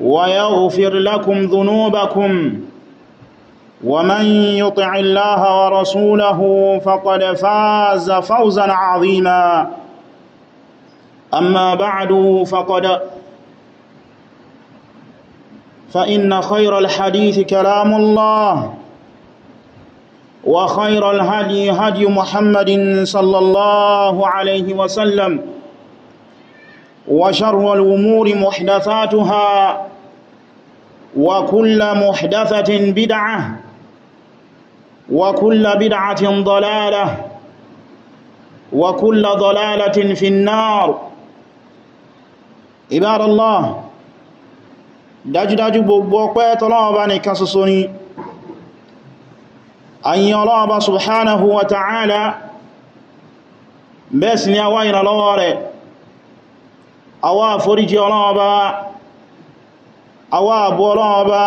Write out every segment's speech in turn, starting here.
ويغفر لكم ذنوبكم ومن يطع الله ورسوله فقد فاز فوزا عظيما أما بعد فقد فإن خير الحديث كلام الله وخير الهدي هدي محمد صلى الله عليه وسلم وشر الأمور محدثاتها وكل محدثة بدعة وكل بدعة ضلالة وكل ضلالة في النار عباد الله dájúdájú gbogbo ọpẹ́ tọ́lọ́wọ́ bá nìkan ṣoṣo ni ayin ọlọ́wọ́ bá subhanahu wa ta'ala bẹ́ẹ̀ sì ni a wá ìrànlọ́wọ́ rẹ̀ àwa àforíjì Ọlọ́run Ọba àwa àbú Ọlọ́run Ọba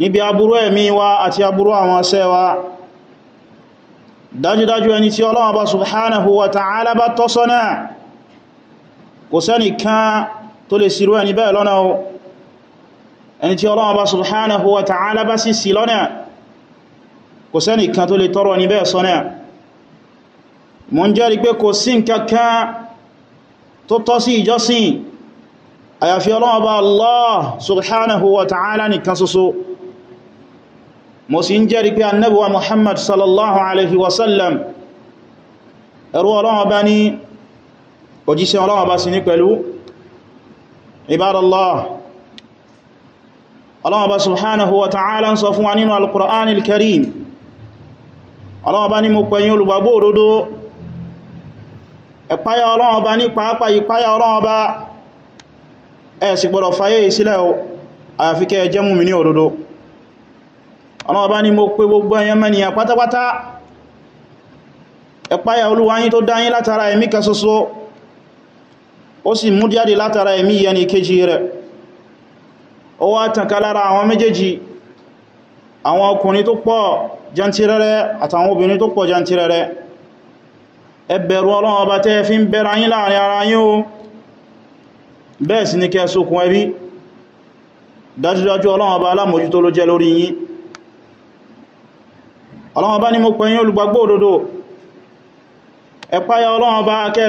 níbi aburú ẹ̀mí wa àti aburú àwọn ọ̀sẹ́ wa dájúdájú ẹni tí Ọlọ́run Ọba subhanahu wa ta'ala bá tọ́ sọ́nà kò sẹ́ni kan tó lè sírú ẹni bẹ́ẹ̀ lọ́nà ẹni tí Ọlọ́run subhanahu wa ta'ala bá sì sí lọ́nà kò sẹ́ni kan tó lè tọ́rọ ẹni bẹ́ẹ̀ sọ́nà mo ń jẹ́rìí pé kò sí nǹkan kan tó tọ́ sí ìjọsìn àyàfi Ọlọ́run Ọba Allah subhanahu wa ta'ala nìkan ṣoṣo mo sì ń jẹ́rìí pé Ànábì wa Muhammad sallallahu alaihi wasallam ẹrú Ọlọ́run Ọba ní òjíṣẹ́ Ọlọ́run Ọba sì ní pẹ̀lú ibadallah Ọlọ́run subhanahu wa ta'ala ń sọ fún wa nínú al-Qur'an al-Karim Ọlọ́run ní mo pẹ̀yìn olùgbàgbọ́ òdodo ẹ̀páyà ọlọ́run ọba ní pàápàá ìpáyà ọlọ́run ọba ẹ̀ sì gbọ́dọ̀ fayé ìsílẹ̀ àyàfi kẹ́ ẹ jẹ́ mùmínì òdodo ọlọ́run ọba ní mo pè gbogbo ẹ̀yàn mẹ́niyàn pátápátá ẹ̀páyà olúwa yín tó dá yín látara ẹ̀mí kan ṣoṣo ó sì mú jáde látara ẹ̀mí yẹni kejì rẹ̀ ó wá tànká lára àwọn méjèèjì àwọn ọkùnrin tó pọ̀ jantirẹrẹ àtàwọn obìnrin tó pọ̀ jantirẹrẹ ẹ bẹ̀rù Ọlọ́run ọba tẹ́ fi ń bẹ̀rẹ̀ yín láàrin ara yín o bẹ́ẹ̀ sì ni kẹ́ sókun ẹbí dájúdájú Ọlọ́run ọba alámòjútó ló jẹ́ lórí yín Ọlọ́run ọba ni mo pè yín olùgbàgbọ́ òdodo ẹ páyà Ọlọ́run ọba kẹ́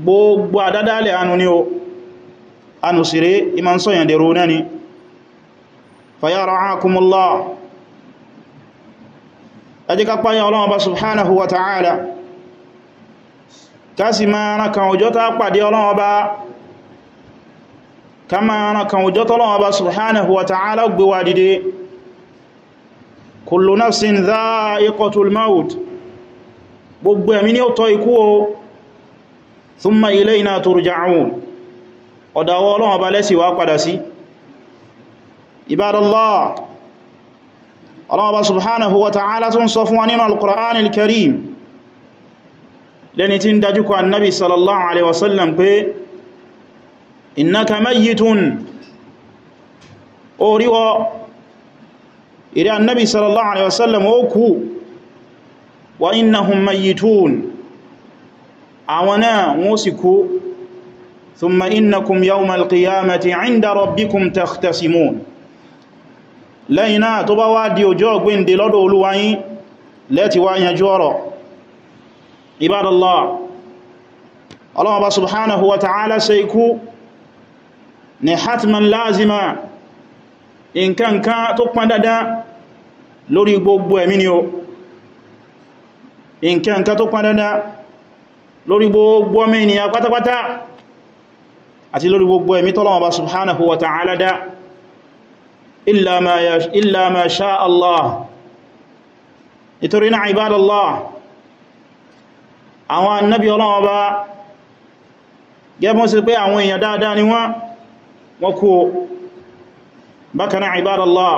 gbogbo àdádálẹ̀ anu ni o anu sire iman sọ́yàn dẹ̀rọ náà ni fayara'akumullah ẹjíká páyà ọlọ́wọ́ bá subhanahu wa ta'ala ká sì máa rán kan òjò tá pàdé ọlọ́wọ́ bá ká máa rán kan òjò tọ́lọ́wọ́ bá subhanahu wa ta'ala gbéwà dìde kullu nafsin dha'iqatul maut gbogbo ẹ̀mí ni ó tọ́ ikú o thumma ilayna turja'un ọ̀dàwọ́ ọlọ́wọ́ bá lẹ́sì wá padà sí ibadallah ọlọ́wọ́ bá subhanahu wa ta'ala tún sọ fún wa nínú al-Qur'an al-Karim lẹni tí ń dájúkọ annabi sallallahu alaihi wasallam pé innaka mayyitun oríwọ ìrẹ́ annabi sallallahu alaihi wasallam ó kú wa innahum mayyitun àwọn náà wọ́n sì kó thumma innakum yawmal qiyamati 'inda rabbikum takhtasimun lẹ́yìn náà tó bá wá di ọjọ́ ọgbìndè lọ́dọ̀ Olúwa yín lẹ́ti wá yanjú ọ̀rọ̀ ibadallah Allah bá subhanahu wa ta'ala ṣe ikú ni hatman lazima nkankan dada lórí gbogbo ọmọ ènìyàn pátápátá àti lórí gbogbo ẹ̀mí tọ́lọ́wọ́ bá subhanahu wa ta'ala dá illa ma sha Allah ìtorí náà ibadallah àwọn annabi ọlọ́wọ́ bá gẹ́bọ́n sí pé àwọn èèyàn dáadáa ni wọ́n wọ́n kú bákanáà ibadallah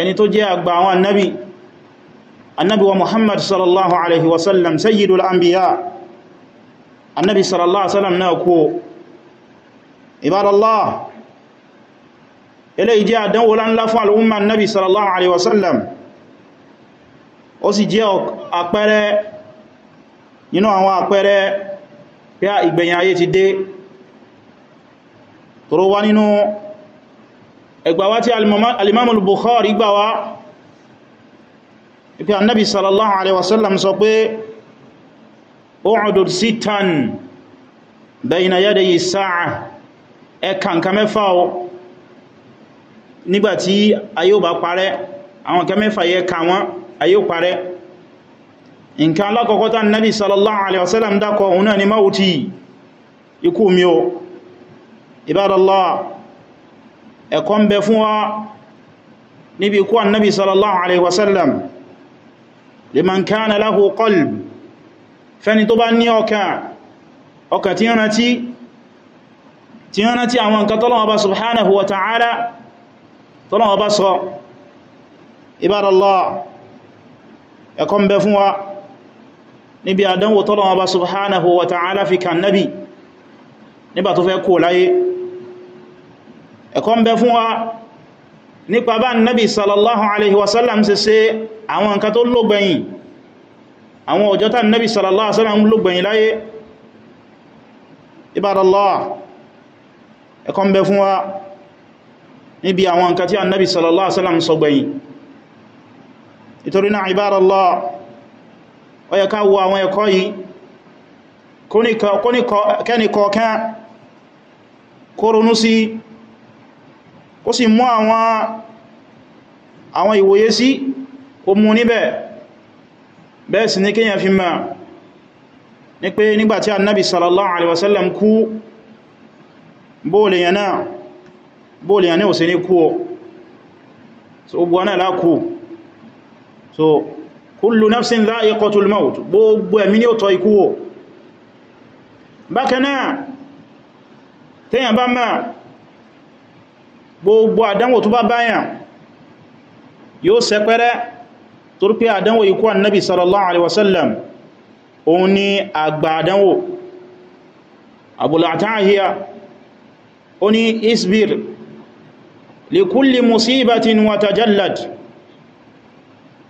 ẹni tó jẹ́ àgbà àwọn annabi annabi wa muhammad sallallahu alaihi wasallam sayyidul anbiya annabi sallallahu alaihi wasallam náà kú ibadallah ilé ìjẹ́ àdánwò lánlá fún al'umma annabi sallallahu alaihi wasallam ó sì jẹ́ àpẹẹrẹ nínú àwọn àpẹẹrẹ pé ìgbẹ̀yìn ayé ti dé tó wá nínú ẹgbàwá tí al-imam al-bukhari gbàwá ipe annabi sallallahu alaihi wasallam sọ pé u'udur sitan bayna yadayi sa'a ẹka nǹkan mẹ́fà o nígbàtí ayé ò bá parẹ́ àwọn nǹkan mẹ́fà yẹ ka wọn ayé ò parẹ́ nǹkan alákọ̀ọ́kọ́ tán nabi sallallahu alaihi wasallam dákọ̀ òun ni mawuti ikú mi o ibadallah ẹ̀kọ́ níbi ikú annabi sallallahu alaihi wasallam liman kana lahu qalb fẹ́ni tó bá ní ọkà ọkà tí yánà tí yánà tí àwọn nǹkan tọ́lọ́wọ́ bá subhanahu wa ta'ala tọ́lọ́wọ́ bá sọ ibadallah ẹ̀kọ́ mbẹ fún wa níbi àdánwò tọ́lọ́wọ́ bá subhanahu wa ta'ala fi kan nabi nígbà tó fẹ́ kó láyé ẹ̀kọ́ mbẹ fún wa nípa bá nabi sallallahu alaihi wasallam ṣe àwọn nǹkan tó lógbẹ̀yìn àwọn ọjọ́ tá nẹ́bí sallallahu alaihi wasallam lógbẹ̀yìn láyé ibadallah ẹ̀kọ́ ń bẹ fún wa níbi àwọn nǹkan tí a nẹ́bí sallallahu alaihi wasallam sọ gbẹ̀yìn ìtorí náà ibadallah ó yẹ ká wo àwọn ẹ̀kọ́ yìí kẹ́nìkọ̀ọ́kẹ́ kó ronú sí kó sì àwọn ìwòye sí kó mú níbẹ̀ bẹ́ẹ̀ sì ní kíyàn fi máa ní pé nígbàtí annabi sallallahu alaihi wasallam kú bóòlìyàn náà bóòlìyàn náà ò sí ní kú o so gbogbo náà lákú so kullu nafsin dha'iqatul maut gbogbo ẹ̀mí ni ó tọ́ ikú o bákanáà tẹ́yàn bá máa gbogbo àdánwò tó bá báyàn yóò sẹpẹ́rẹ́ torí pé àdánwò ikú annabi sallallahu alaihi wasallam òun ni àgbà àdánwò abúlátàáhíyà ó ní isbir li kulli musibatin wa tajallad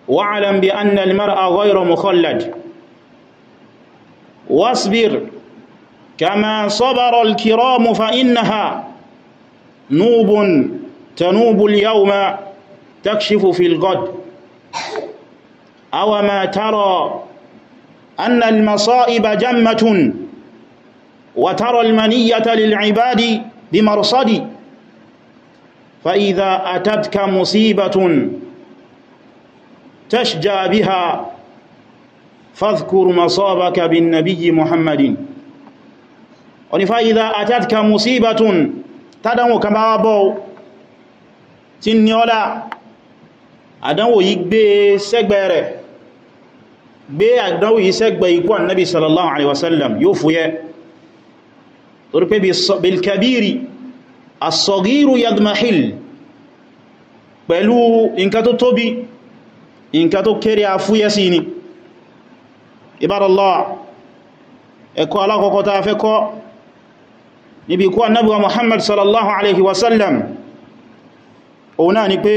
wa'alam bi anna al-mar'a ghayra mukhallad wasbir kama sabara al-kiramu fa innaha nubun tanubu yawma takshifu fi ghad أوما ترى أن المصائب جمة وترى المنية للعباد بمرصد فإذا أتتك مصيبة تشجى بها فاذكر مصابك بالنبي محمد فإذا أتتك مصيبة تدعو كما أبو تنيولا أدعو يقبي سيقبي gbé àdáwò ìṣẹ́gbẹ̀ ikú annabi sallallahu alaihi wasallam yóò fúyẹ́ torí pé bilkabiri as-saghiru yadmahil pẹ̀lú nǹkan tó tóbi nǹkan tó kéré a fúyẹ́ sí ni ibadallah ẹ̀kọ́ alákọ̀ọ́kọ́ ta fẹ́ kọ́ níbi ikú annabi wa muhammad sallallahu alaihi wasallam òun ni pé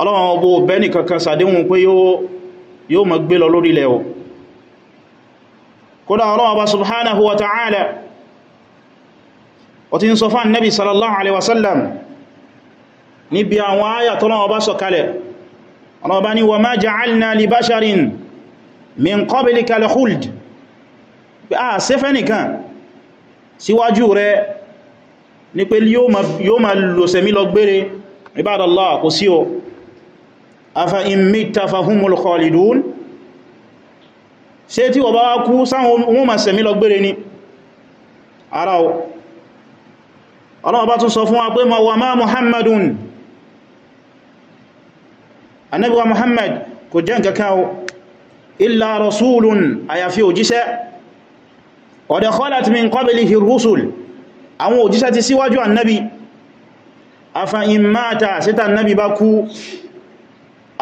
ọlọ́wọ́n ọgbọ̀ bẹ́ni kankan sàdínwó pé yóò yóò ma gbé lọ lórí ilẹ̀ o kódà Ọlọ́run Ọba subhanahu wa ta'ala ó ti ń sọ fún annabi sallallahu alaihi wasallam níbi àwọn àyà tọ́lọ́run Ọba sọ kalẹ̀ Ọlọ́run Ọba ní wa ma ja'alna li basharin min qablika al-khuld a ah, sẹ́fẹ́ nìkan síwájú rẹ̀ ní pé yóò ma lòsẹ̀mí lọ gbére ibadallah kò sí o afa in mita fahumul khalidun ṣé tí ó bá kú sáwọn wọn ma ṣẹ̀mí lọ gbére ni ara o Allah bá tún sọ fún wa pé ma wa ma muhammadun Ànábì wa muhammad kò jẹ́ nǹkan kan illa rasulun àyàfi òjíṣẹ́ qad khalat min qablihi ar àwọn òjíṣẹ́ ti síwájú annabi afa in mata sita annabi bá kú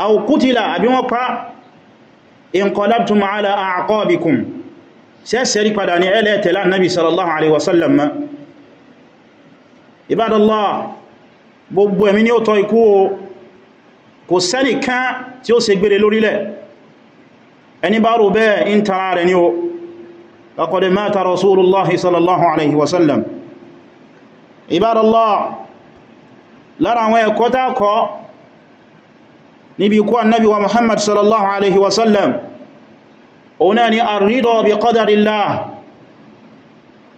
aw qutila àbí wọ́n pa inqalabtum ala a'qabikum sẹ́sẹ̀rí padà ní ẹlẹ́tẹ̀lá nabi sallallahu alaihi wasallam ma ibadallah gbogbo ẹ̀mí ní ó tọ́ ikú o kò sẹ́nìkan tí ó ṣe gbére lórílẹ̀ ẹni bá rò bẹ́ẹ̀ in tara rẹ̀ ni o laqad mata rasulullahi sallallahu alaihi wasallam ibadallah lára àwọn ẹ̀kọ́ tá kọ́ níbi ikú annabi wa muhammad sallallahu alaihi wasallam òun náà ni àrídọ̀ bí qadarillah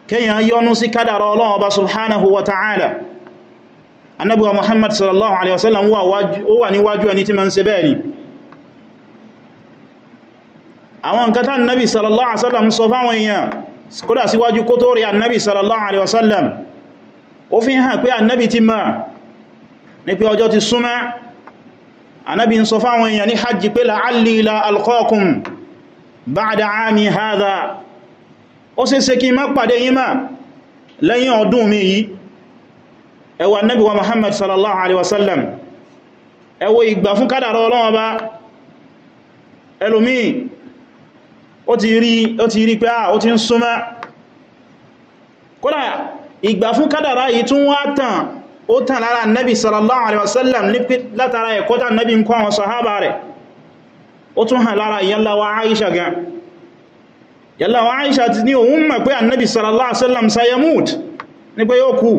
kíyàn yọ́nú sí kádàrà Ọlọ́run Ọba subhanahu wa ta'ala annabi wa muhammad sallallahu alaihi wasallam ó wà níwájú ẹni tí ma ń ṣe bẹ́ẹ̀ ni àwọn nǹkan tán nabi sallallahu alaihi wasallam sọ fáwọn èèyàn kódà síwájú kó tó rí annabi sallallahu alaihi wasallam ó ti ma anábi ń sọ fáwọn èèyàn ní hajji pé la'alli la alqakum ba'da ami hadha ó sì ṣe kí má pàdé yí má lẹ́yìn ọdún mi yìí ẹ wo anábi wa muhammad sallallahu alaihi wasallam ẹ wo ìgbà fún kádàrá Ọlọ́run bá ẹlòmí ó ti ó tàn lára nabi sallallahu alaihi wasallam látara ẹ̀kọ́ tàn nabi ń kọ́ àwọn sahaba rẹ̀ ó tún hàn lára yallawa aisha gan yallawa aisha ti ní òun mọ̀ pé annabi sallallahu alaihi wasallam sayamud ní pé yóò kú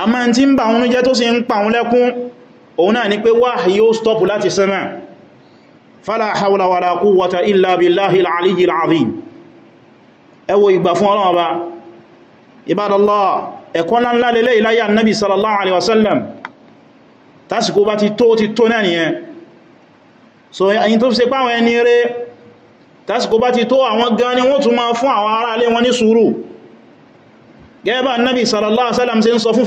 a ma ti ń bà wọn jẹ́ tó sì ń pa wọn lẹ́kún òun náà ni pé wahyi ibadallah ẹ̀kọ́ ńláńlá lélẹ̀ ìláyà nabi sallallahu alaihi wasallam tásìkò bá ti tó ti tó náà nìyẹn so ẹ̀yin tó fi ṣe páwọn ẹni rẹ̀ tásìkò bá ti tó àwọn gan ni wọ́n tún máa fún àwọn ará ilé wọn ní sùúrù gẹ́bà nabi sallallahu alaihi wasallam ṣe ń sọ fún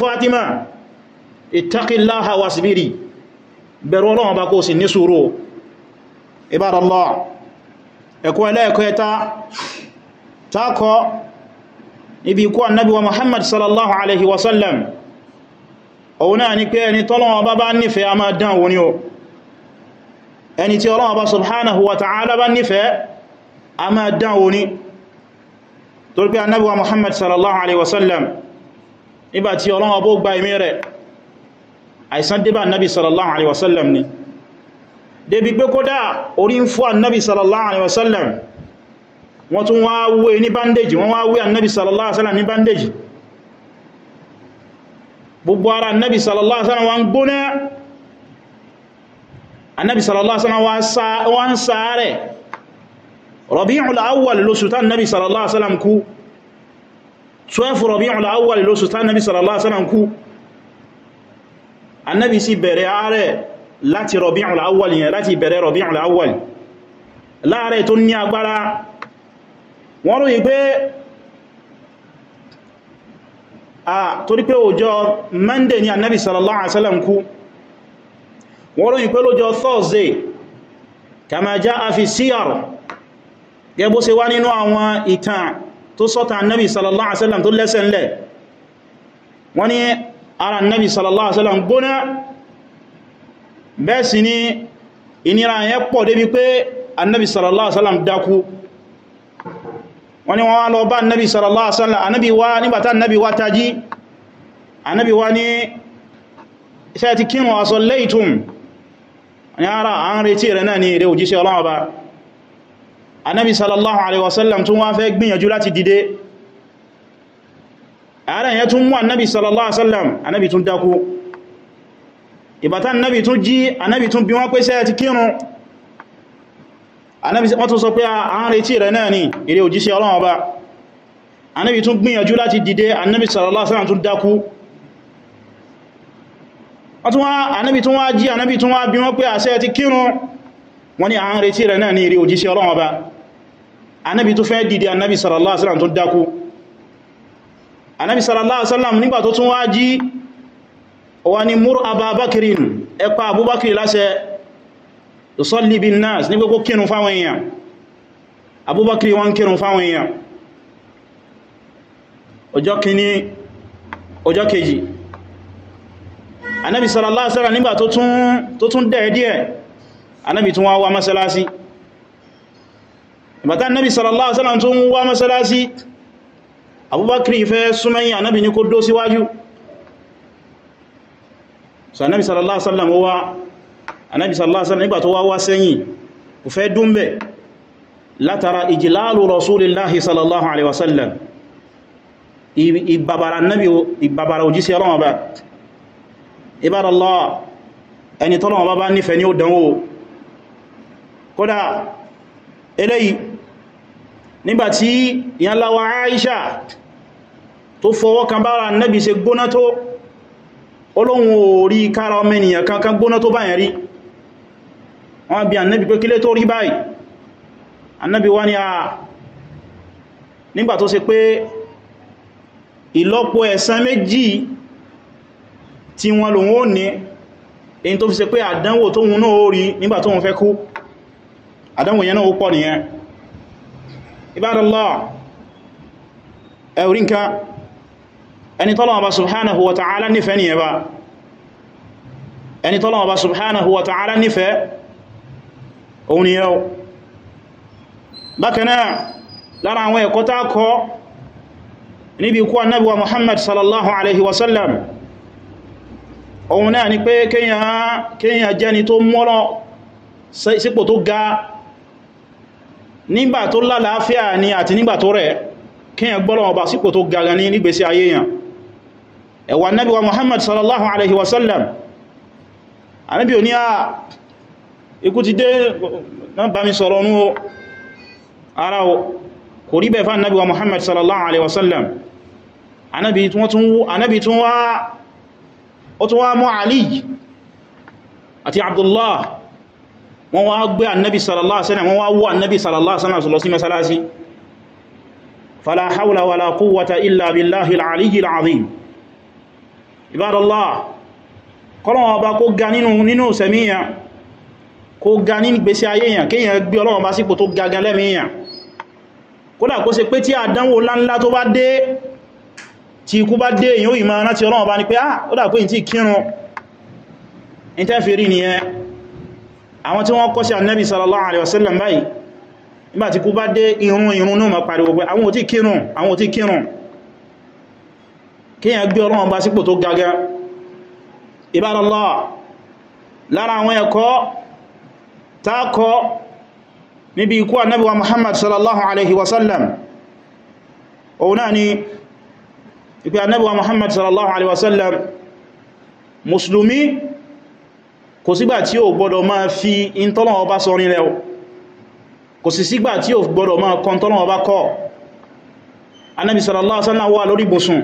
níbi ikú annabi wa muhammad sallallahu alaihi wasallam òun náà ni pé ẹni tọ́lọ́wọ́ bá bá nífẹ̀ẹ́ a máa dán wọn ni o ẹni tí Ọlọ́run bá subhanahu wa ta'ala bá nífẹ̀ẹ́ a máa dán wọn ni torí pé annabi wa muhammad sallallahu alaihi wasallam nígbà tí Ọlọ́run bó gba ìmí rẹ̀ àìsàn débà annabi sallallahu alaihi wasallam ni débi pé kódà orí ń fún annabi sallallahu alaihi wasallam wọ́n tún wá wé ní bandage wọ́n wá wé annabi sallallahu alaihi wasallam ní bandage gbogbo ara annabi sallallahu alaihi wasallam wọ́n gbóná annabi sallallahu alaihi wasallam wọ́n sáré rabi'ul awwal ló sultan annabi sallallahu alaihi kú 12 rabi'ul awwal ló sultan annabi sallallahu alaihi kú annabi sì bẹ̀rẹ̀ àárẹ̀ láti rabi'ul awwal yẹn láti bẹ̀rẹ̀ rabi'ul awwal láàárẹ̀ tó ní agbára wọ́n ròyìn pé a torí pé ọjọ́ monday ni annabi sallallahu alaihi wasallam kú wọ́n ròyìn pé lọ́jọ́ thursday kama jaa fi siyar gẹ́gbó ṣe wá nínú àwọn ìtàn tó sọ́ta annabi sallallahu alaihi wasallam tó lẹ́sẹ̀ ńlẹ̀ wọ́n ní ara annabi sallallahu alaihi wasallam gbóná bẹ́ẹ̀ sì ni ìnira yẹn wọ́n ni wọ́n wá lọ bá annabi sallallahu alaihi wasallam annabi wá nígbàtá annabi wá tají annabi wá ní iṣẹ́ ti kírun wa sallaytum ni ara a ń retí rẹ̀ náà ni èrè òjíṣẹ́ Ọlọ́run Ọba annabi sallallahu alaihi wasallam tún wá fẹ́ gbìyànjú láti dìde ààrẹ yẹn tún mú annabi sallallahu alaihi wasallam anábi wọ́n tún sọ pé a ń retí rẹ̀ náà ni eré òjíṣẹ́ Ọlọ́run Ọba anábi tún gbìyànjú láti dìde anábi sallallahu alaihi wasallam tún dákú anábi tún wá jí anábi tún wá bí wọ́n pé àṣẹ ti kírun wọ́n ni a ń retí rẹ̀ náà ni eré òjíṣẹ́ Ọlọ́run Ọba anábi tún fẹ́ dìde anábi sallallahu alaihi wasallam tún dákú anábi sallallahu alaihi wasallam nígbà tó tún wá jí yusalli bin nas ní pé kó kírun fáwọn èèyàn abubakar wọ́n kírun fáwọn èèyàn ọjọ́ kìíní ọjọ́ kejì anábi sallallahu alaihi wasallam nígbà tó tún dẹ̀ díẹ̀ anábi tún wá wá masalasi ìbátá anábi sallallahu alaihi wasallam tún wá masalasi abubakar fẹ́ súnmẹ́yìn anábi ní kó dó síwájú so anábi sallallahu alaihi wasallam anábi sallallahu alaihi wasallam nígbà tó wá wá sẹ́yìn kò fẹ́ dúnbẹ̀ látara ìjìláàlù rasulillahi sallallahu alaihi wasallam ìbàbàrà nábi ìbàbàrà òjísí ọlọ́wọ́ bá ibádàlá ẹni tọ́lọ́wọ́ bá bá nífẹ́ ní ó dánwò kódà eléyìí nígbàtí ìyànláwà Aisha tó fọwọ́ kan bára nábi ṣe gbóná tó olóhun orí kára ọmọ ènìyàn kankan gbóná báyẹ̀ rí wọ́n bi annabi pé kílé tó rí báyìí annabi wá ní a nígbà tó ṣe pé ìlọ́pọ̀ ẹ̀san méjì tí wọ́n lòun ó ní èyí tó fi ṣe pé àdánwò tó hun náà ó rí nígbà tó hun fẹ́ kú àdánwò yẹn náà ó pọ̀ nìyẹn ibadallah ẹ̀rí nǹkan ẹni tọ́lọ́wọ́ bá subhanahu wa ta'ala nífẹ̀ẹ́ nìyẹn bá ẹni tọ́lọ́wọ́ bá subhanahu wa ta'ala nífẹ̀ẹ́ òun ni yẹ́wọ́ bákanáà lára àwọn ẹ̀kọ́ tá kọ́ níbi ikú annabi wa muhammad sallallahu alaihi wasallam òun náà ni pé kíyàn jẹni tó mọ́rọ̀ sípò tó ga nígbà tó lálàáfíà ni àti nígbà tó rẹ̀ kíyàn gbọ́rọ̀ ọba sípò tó gaga ní nígbèsí ayéyàn ẹ̀wà annabi wa muhammad sallallahu alaihi wasallam anabi o ikú ti dé wọ́n bá mi sọ̀rọ̀ ní ara o kò rí bẹ̀ fún annabi wa muhammad sallallahu alaihi wasallam annabi tún wá ó tún wá mọ́ ali àti abdullah wọ́n wá gbé annabi sallallahu alaihi wasallam wọ́n wá wó annabi sallallahu alaihi wasallam lọ sí masalasi fala hawla wala quwwata illa billahi al-aliyyil azim ibadallah kọ́lọ̀wọ̀ ọba kó ga nínú sẹ̀míyàn kó ga ní gbèsè ayé èyàn kéèyàn gbé ọlọ́run bá sípò tó gagan lẹ́mí èyàn kódà kó ṣe pé tí àdánwò láńlá tó bá dé tí ikú bá dé èyàn òyìn máa rántí ọlọ́run bá ní pé ah ó dà pé ìtì kírun ìtẹ́fèrí nìyẹn àwọn tí wọ́n kọ́ sí annabi sallallahu alaihi wasallam báyìí nígbà lára àwọn ẹ̀kọ́ tákọ níbi ikú annabi wa muhammad sallallahu alaihi wasallam òun náà ni ipi annabi wa muhammad sallallahu alaihi wasallam musulumi kò sígbà tí ó gbọdọ̀ máa fi intọ́lọ̀ ọba sọrin rẹ̀ kò sí sígbà tí ó gbọdọ̀ máa kọntọ́lọ̀ ọba kọ́ annabi sallallahu alaihi wasallam wà lórí ibùsùn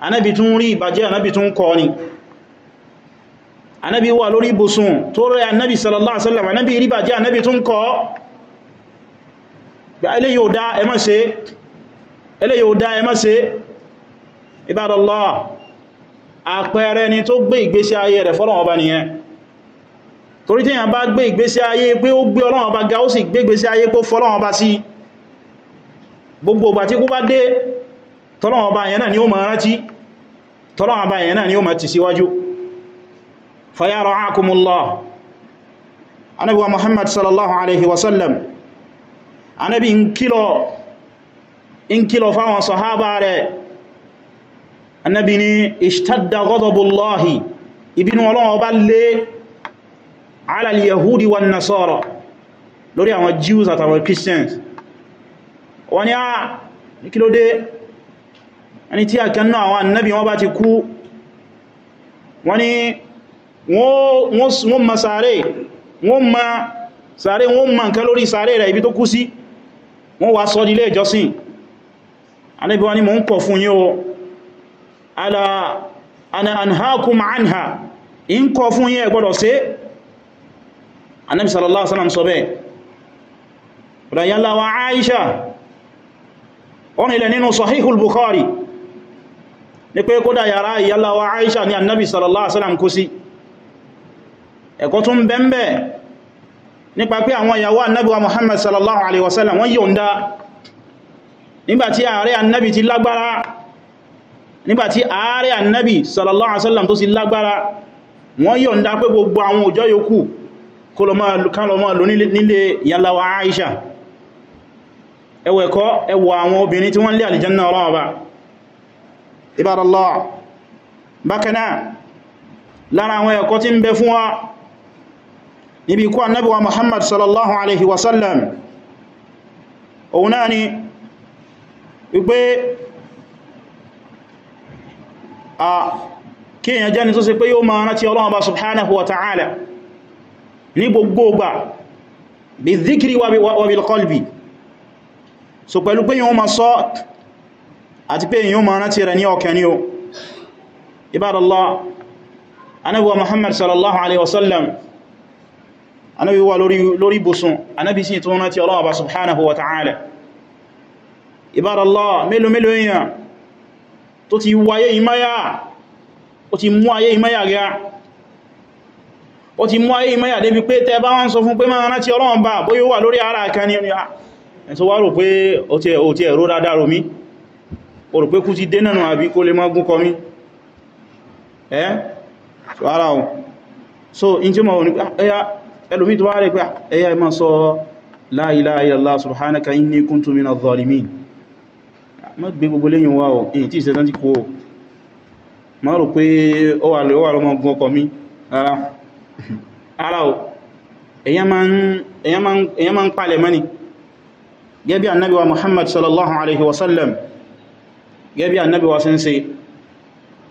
annabi tún rí ìbàjẹ́ annabi tún kọ́ ni anábi wà lórí ibùsùn tó rẹ̀ anábi sallallahu alaihi wasallam anábi rí bàjẹ́ anábi tún kọ́ ilé yóò dá ẹmọ́ ṣe ilé yóò dá ẹmọ́ ṣe ibadallah àpẹẹrẹ ni tó gbé ìgbésí ayé rẹ̀ fọ́lọ́wọ́ bá nìyẹn torí tí èyàn bá gbé ìgbésí ayé pé ó gbé Ọlọ́run bá ga ó sì gbé ìgbésí ayé pé fọ́lọ́wọ́ bá sí gbogbo ìgbà tí kú bá dé tọ́lọ́wọ́ bá yẹn náà ni ó máa rántí tọ́lọ́wọ́ bá yẹn náà ni ó máa tì síwájú faya ra'akumullah Ànábì wa Muhammad sallallahu alaihi wasallam Ànábì ń kìlọ̀ ń kìlọ̀ fáwọn sahaba rẹ̀ Ànábì ní ishtadda ghadabullahi ìbínú Ọlọ́run Ọba lé ala al-yahudi wan nasara lórí àwọn Jews àtàwọn Christians wọ́n ni a ah, ní kí ló dé ẹni tí a kẹ́nà ti kú wọ́n wọ́n ma sàárè wọ́n ma sàárè wọ́n ma nǹkan lórí sàárè rẹ̀ ibi tó kú sí wọ́n wá sọ nílé ìjọsìn Ànábì wa ní mò ń kọ̀ fún yín o ala ana anhaakum anha in kọ̀ fún yín ẹ gbọ́dọ̀ ṣe Ànábì sallallahu alaihi wasallam sọ bẹ́ẹ̀ rayalawa Aisha wọ́n ilẹ̀ nínú sahihul Bukhari ní pé ẹ̀kọ́ tó ń bẹ́m̀bẹ̀ nípa pé àwọn ìyàwó annabi wa muhammad sallallahu alaihi wasallam wọ́n yọ̀nda nígbàtí ààrẹ annabi ti lágbára nígbàtí ààrẹ annabi sallallahu alaihi wasallam tó sì lágbára wọ́n yọ̀nda pé gbogbo àwọn ọjọ́ yòókù kó lọ máa lò nílé yalawa aisha ẹwẹ̀kọ́ ẹwọ àwọn obìnrin tí wọ́n lé àlìjánná ọlọ́wọ́ bá ibadallah lára àwọn ẹ̀kọ́ tí ń bẹ fún wa níbi ikú annabi wa muhammad sallallahu alaihi wasallam òun náà ni wípé a kí èyàn jẹ́ni tó sì pé yóò máa rántí ọlọ́wọ́ bá subhanahu wa ta'ala ní gbogbo gbà bí zikiri wa bil qalbi so pẹ̀lú pé yóò máa sọ àti pé yóò máa rántí rẹ̀ ní ọkàn ni o ibadallah anabuwa muhammad sallallahu alaihi wasallam anábi wà lori ibùsùn anábi sí tún rántí ọlọ́wọ́ bá subhanahu wa ta'ala ibadallah mélòó mélòó èèyàn tó ti wáyé ìmáyà O ti mú ayé ìmáyà rí ó ti mú ayé ìmáyà débi pé tẹ bá wọ́n sọ fún pé máa rántí ara kan ní ah, o ti ti mi so ara so in ẹlòmí tó bá rẹ̀ pé ah, ẹyà ẹmọ́ sọ la ilaha illallah subhanaka inni kuntu minaz zalimin má gbé gbogbo lẹ́yìn wá ọ̀ èyí tí ìṣẹ́tán ti kó o má rò pé ó wà lọ́mọ gun ọkọ̀ mi rárá ara o èyàn máa ń palẹ̀ mọ́ni gẹ́bí annabi wa muhammad sallallahu alaihi wasallam gẹ́bí annabi wa se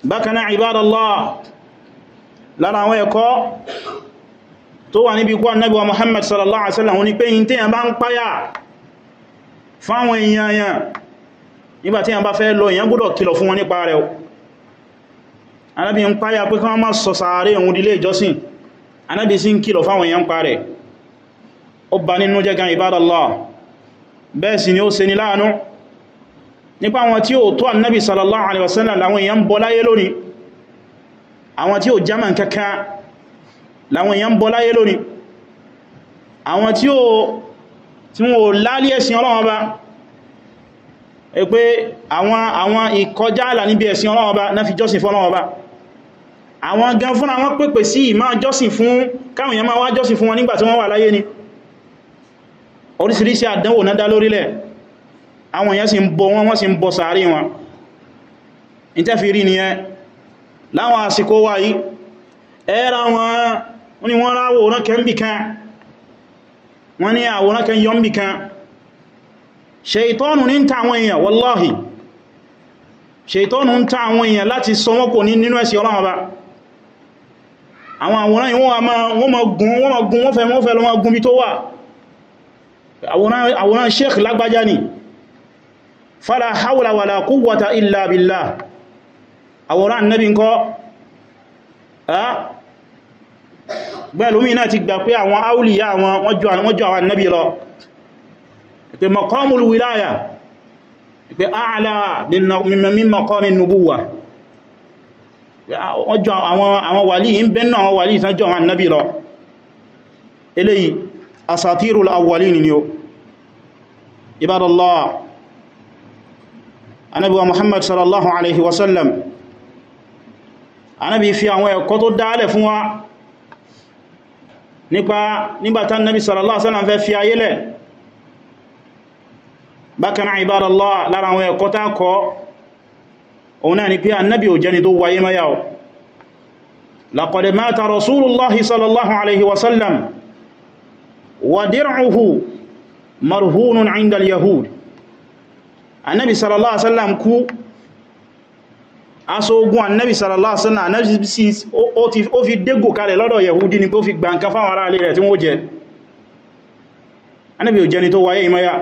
bákaná ibadallah lára àwọn ẹ̀kọ́ tó wà níbi kó annabi muhammad sallallahu alaihi wasallam ní pé yí tí yàn bá ń páyà fáwọn èèyàn yàn nígbà tí yàn bá fẹ́ lọ èèyàn gbọ́dọ̀ kìlọ̀ fún wọn nípa rẹ̀ anábi ń páyà pé káwọn má sọ sàárè òun dílé ìjọsìn anábi sí ń kìlọ̀ fáwọn èèyàn pa rẹ̀ ó bá nínú jẹ́ sallallahu alaihi wasallam làwọn èèyàn bọ́ láyé lónìí àwọn tí láwọn èèyàn bọ láyé lónìí àwọn tí ó tí wọ́n lálé ẹ̀sìn Ọlọ́run Ọba ẹ pé àwọn àwọn ìkọjá àlà níbi ẹ̀sìn Ọlọ́run Ọba náà fi jọ́sìn fún Ọlọ́run Ọba àwọn gan fún àwọn pèpè sí ìmá jọ́sìn fún káwọn èèyàn máa wá jọ́sìn fún wọn nígbà tí wọ́n wà láyé ni oríṣiríṣi àdánwò náà wọn wọ́n ní wọ́n ráwò òrán kẹ ń bì kan wọ́n ní àwòrán kẹ yọ ń bì kan ṣètọ́nù ní ń ta àwọn èèyàn wallahi ṣètọ́nù ń ta àwọn èèyàn láti sọ wọ́n kò ní nínú ẹ̀sìn Ọlọ́run Ọba àwọn àwòrán yìí wọ́n ma wọ́n ma gun wọ́n ma gun gbẹ́lómi náà ti gbà pé àwọn áúlìyà wọn jọ àwọn annabi lọ pé maqamul wilaya pé a'la min maqamin nubuwa ọjọ́ àwọn wàlí ń bẹ́nà àwọn wàlí ìsànjọ́ àwọn annabi lọ eléyìí asatirul awwalin ni o ibadallah anabi wa muhammad sallallahu nípa nígbàtán nabi sallallahu alaihi wasallam fẹ́ fi ayé lẹ̀ bákaná ibadallah lára àwọn ẹ̀kọ́ tá kọ́ òun náà ni pé annabi ò jẹni tó wáyé mayáwó laqad mata rasulullahi sallallahu alaihi wasallam wa dir'uhu marhunun 'inda aṣọ ogun annabi sallallahu alaihi wasallam annabi sí ó fi dégò kalẹ̀ lọ́dọ̀ yahudi ni pé ó fi gbà nǹkan fáwọn ará ilé rẹ̀ tí wọ́n jẹ annabi ò jẹni tó wáyé ìmáyà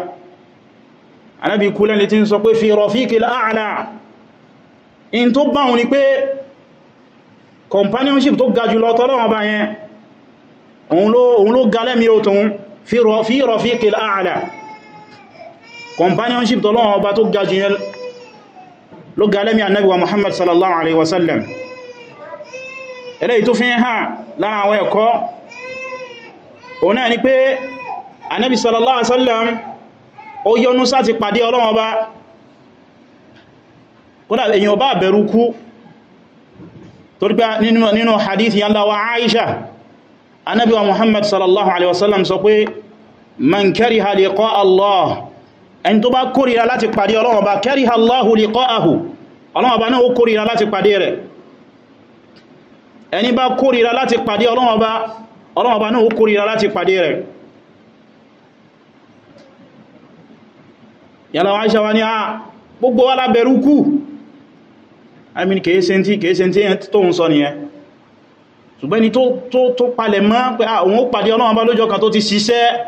annabi kú lẹ́ni tí ń sọ fi rafiqil a'la in tó bá wọn ni companionship tó ga jùlọ tọ́lọ́wọ́n bá yẹn òun ló ga lẹ́mí ó tún fi rafiqil a'la companionship tọ́lọ́wọ́n ọba tó ga jù yẹn ló ga lẹ́mí annabi wa muhammad sallallahu alaihi wasallam eléyìí tó fi ń hàn lára àwọn ẹ̀kọ́ òun náà ni pé annabi sallallahu alaihi wasallam ó yọ́nú sáti pàdé ọlọ́wọ́ bá kódà èyàn bá bẹ̀rù kú torí pé nínú hadithi yalla wa aisha annabi wa muhammad sallallahu alaihi wasallam sọ pé man kariha liqa Allah ẹni tó bá kórìíra láti pàdé ọlọ́run bá kariha Allahu liqa'ahu ọlọ́run bá náà ó kórìíra láti pàdé rẹ̀ ẹni bá kórìíra láti pàdé ọlọ́run bá ọlọ́run bá náà ó kórìíra láti pàdé rẹ̀ yàlá wá ṣe wá ní àà gbogbo wá lábẹ̀rú kú i mean kìí ṣe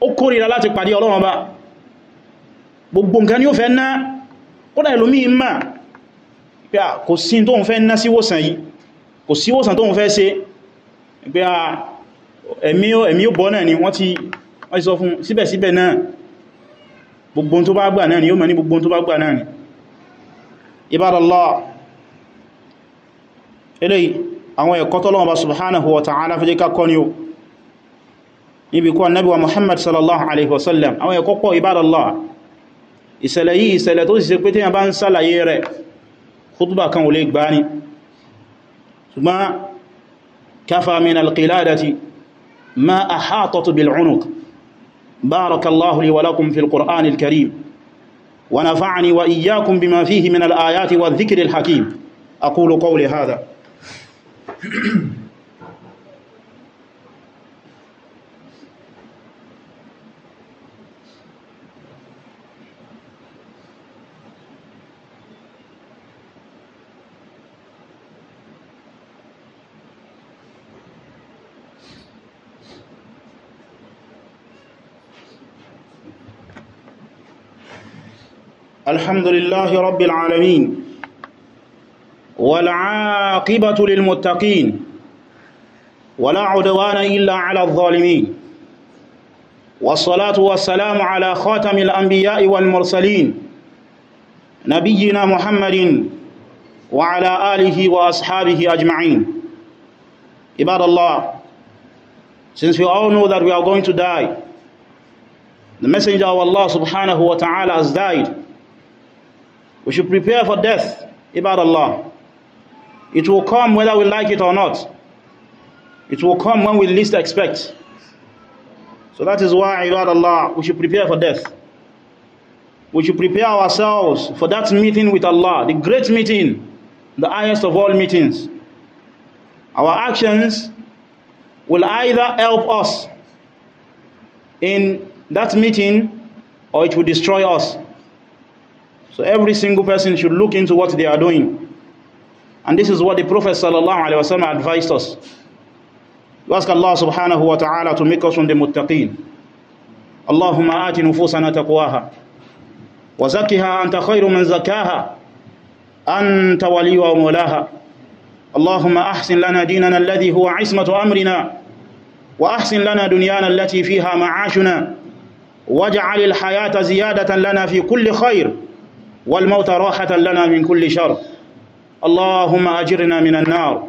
ó kórìíra láti pàdé ọlọ́run ọba gbogbo nǹkan ni ó fẹ́ ná kódà ìlúmí ìmá pé à kò sí tó ń fẹ́ ná sí wòsàn yìí kò sí wòsàn tó ń fẹ́ ṣe pé à ẹ̀mí ó bọ́ náà ni wọ́n ti sọ fún síbẹ̀síbẹ̀ náà gbogbo tó bá gbà náà ni ó mọ̀ ní gbogbo tó bá gbà náà ni subhanahu wa ta'ala fi jẹ́ níbi kọ́ Ànábì wa Muhammad sallallahu alaihi wasallam àwọn ẹ̀kọ́ pọ̀ ibadallah ìṣẹ̀lẹ̀ yìí ìṣẹ̀lẹ̀ tó sì ṣe pé tí a bá ń sàlàyé rẹ̀ khutba kan ò lè gbá ní ṣùgbọ́n kafa min alqiladati ma ahatatu bil unuq barakallahu li wa lakum fil الحمد لله رب العالمين والعاقبة للمتقين ولا عدوان إلا على الظالمين والصلاة والسلام على خاتم الأنبياء والمرسلين نبينا محمد وعلى آله وأصحابه أجمعين عباد الله since we all know that we are going to die, the messenger of Allah subhanahu wa ta'ala has died We should prepare for death, Ibad Allah. It will come whether we like it or not. It will come when we least expect. So that is why, Ibad Allah, we should prepare for death. We should prepare ourselves for that meeting with Allah, the great meeting, the highest of all meetings. Our actions will either help us in that meeting or it will destroy us. So every single person should look into what they are doing. And this is what the Prophet ﷺ advised us. We ask Allah subhanahu wa ta'ala to make us from the muttaqeen. Allahumma ati nufusana taqwaha. Wa zakiha anta khayru man zakaha. Anta wali wa mulaha. Allahumma ahsin lana dinana alladhi huwa ismatu amrina. Wa ahsin lana dunyana allati fiha ma'ashuna. Waj'al al-hayata ziyadatan lana fi kulli khayr. والموت راحة لنا من كل شر اللهم أجرنا من النار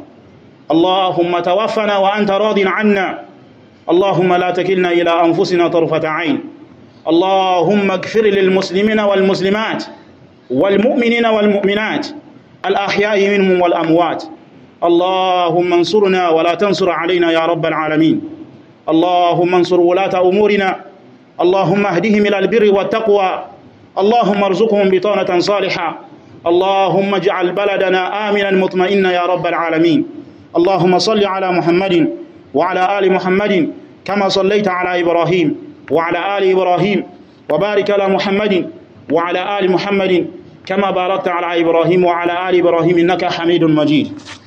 اللهم توفنا وأنت راض عنا اللهم لا تكلنا إلى أنفسنا طرفة عين اللهم اغفر للمسلمين والمسلمات والمؤمنين والمؤمنات الأحياء منهم والأموات اللهم انصرنا ولا تنصر علينا يا رب العالمين اللهم انصر ولاة أمورنا اللهم اهدهم إلى البر والتقوى اللهم ارزقهم بطانة صالحة اللهم اجعل بلدنا آمنا مطمئنا يا رب العالمين اللهم صل على محمد وعلى آل محمد كما صليت على إبراهيم وعلى آل إبراهيم وبارك على محمد وعلى آل محمد كما باركت على إبراهيم وعلى آل إبراهيم إنك حميد مجيد